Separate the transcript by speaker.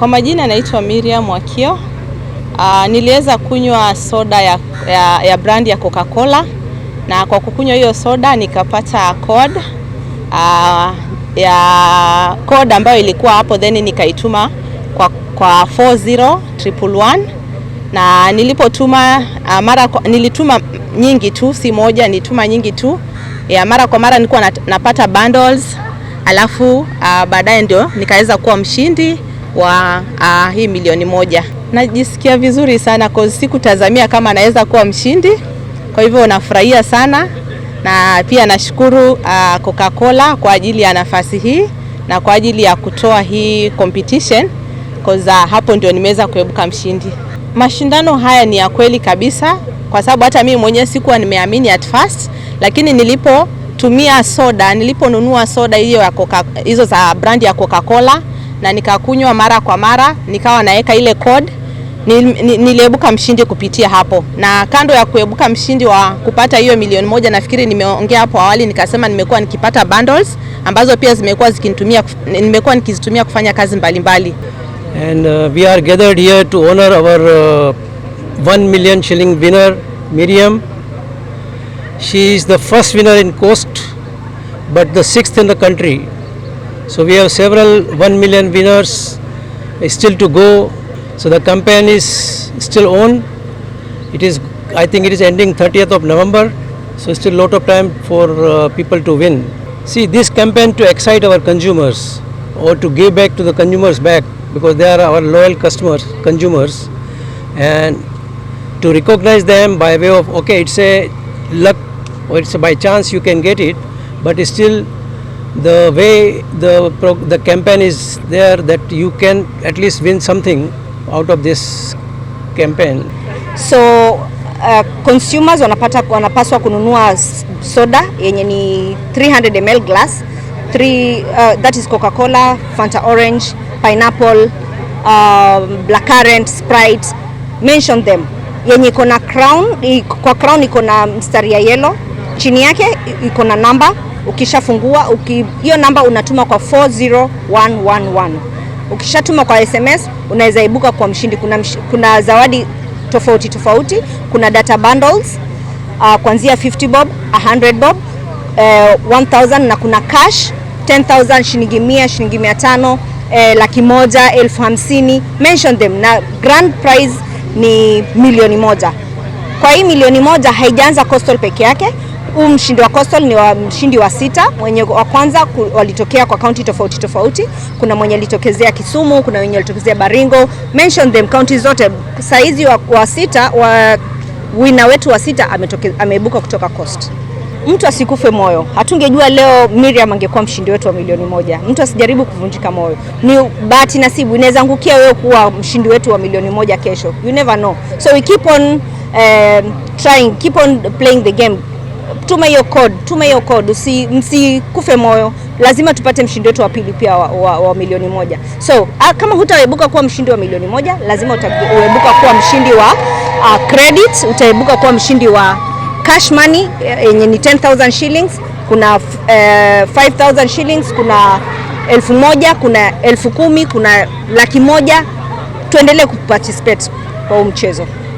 Speaker 1: Kwa majina naitwa Miriam Wakio. Uh, niliweza kunywa soda ya, ya, ya brandi ya Coca-Cola na kwa kukunywa hiyo soda nikapata code uh, ah, ya code ambayo ilikuwa hapo then nikaituma kwa, kwa 40111 na nilipotuma uh, mara nilituma nyingi tu, si moja, nilituma nyingi tu ya mara kwa mara nilikuwa napata bundles, alafu uh, baadaye ndio nikaweza kuwa mshindi wa uh, hii milioni moja. Najisikia vizuri sana kwa sikutazamia kama naweza kuwa mshindi, kwa hivyo nafurahia sana na pia nashukuru uh, Coca-Cola kwa ajili ya nafasi hii na kwa ajili ya kutoa hii competition kwa ah, hapo ndio nimeweza kuebuka mshindi. Mashindano haya ni ya kweli kabisa, kwa sababu hata mimi mwenyewe sikuwa nimeamini at first, lakini nilipotumia soda, niliponunua soda hiyo ya Coca, hizo za brandi ya Coca-Cola na nikakunywa mara kwa mara, nikawa naweka ile code. Niliebuka mshindi kupitia hapo, na kando ya kuebuka mshindi wa kupata hiyo milioni moja, nafikiri nimeongea hapo awali, nikasema nimekuwa nikipata bundles ambazo pia zimekuwa zikinitumia, nimekuwa nikizitumia kufanya kazi mbalimbali
Speaker 2: mbali. And uh, we are gathered here to honor our uh, 1 million shilling winner Miriam. She is the first winner in Coast but the sixth in the country. So we have several 1 million winners still to go. So the campaign is still on. It is, I think it is ending 30th of November. So still lot of time for uh, people to win. See this campaign to excite our consumers or to give back to the consumers back because they are our loyal customers, consumers and to recognize them by way of okay it's a luck or it's by chance you can get it but still the way the, the campaign is there that you can at least win something out of this campaign.
Speaker 1: So uh, consumers wanapata, wanapaswa kununua soda yenye ni 300 ml glass three, uh, that is Coca-Cola, Fanta Orange, Pineapple, uh, um, Blackcurrant, Sprite, mention them. Yenye iko na crown, kwa crown iko na mstari ya yellow, chini yake iko na number Ukishafungua hiyo namba unatuma kwa 40111. Ukishatuma kwa SMS unaweza ibuka kwa mshindi. Kuna, msh, kuna zawadi tofauti tofauti, kuna data bundles uh, kuanzia 50 bob, 100 bob, uh, 1000 na kuna cash 10000, shilingi 100, shilingi 500, eh, laki moja, elfu hamsini, mention them na grand prize ni milioni moja. Kwa hii milioni moja haijaanza Coastal peke yake huu mshindi wa Coastal ni wa mshindi wa sita, mwenye wa kwanza walitokea kwa kaunti tofauti tofauti. Kuna mwenye alitokezea Kisumu, kuna mwenye alitokezea Baringo, mention them kaunti zote. Saizi wa, wa sita wa wina wetu wa sita ametoke, ameibuka kutoka Coast. Mtu asikufe moyo. Hatungejua leo Miriam angekuwa mshindi wetu wa milioni moja. Mtu asijaribu kuvunjika moyo, ni bahati nasibu. Inaweza angukia wewe kuwa mshindi wetu wa milioni moja kesho, you never know. So we keep on um, trying, keep on playing the game tume hiyo code, tume hiyo code, usi msikufe moyo, lazima tupate mshindi wetu wa pili pia wa, wa, wa milioni moja. So a, kama hutaebuka kuwa mshindi wa milioni moja, lazima utaebuka kuwa mshindi wa a, credit, utaebuka kuwa mshindi wa cash money e, yenye ni 10000 shillings, kuna e, uh, 5000 shillings, kuna elfu moja, kuna elfu kumi, kuna laki moja. Tuendelee kuparticipate kwa huu mchezo.